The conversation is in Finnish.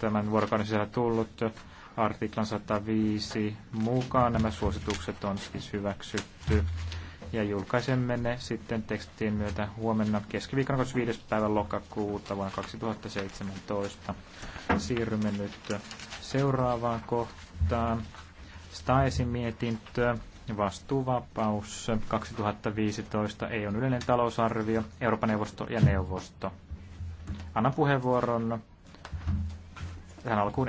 tämän vuorokauden sisällä tullut artiklan 105 mukaan. Nämä suositukset on siis hyväksytty ja julkaisemme ne sitten tekstiin myötä huomenna keskiviikkona 25. päivä lokakuuta vuonna 2017. Siirrymme nyt seuraavaan kohtaan. Staesin mietintö, vastuuvapaus 2015, EUn yleinen talousarvio, Euroopan neuvosto ja neuvosto. Anna puheenvuoron tähän alkuun